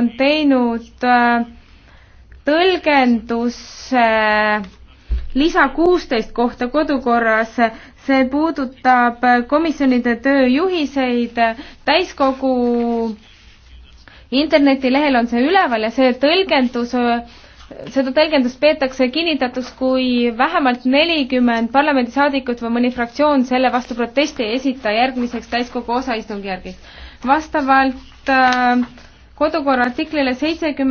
on teinud äh, tõlgenduse äh, lisa kuusteist kohta kodukorras, see puudutab äh, komisjonide tööjuhiseid, täiskogu internetilehel on see üleval ja see tõlgendus, seda tõlgendust peetakse kinnitatuks, kui vähemalt nelikümmend parlamendisaadikut või mõni fraktsioon selle vastu protesti ei esita järgmiseks täiskogu osaistungjärgiks. vastavalt äh, kodukorra artiklile seitsekümmend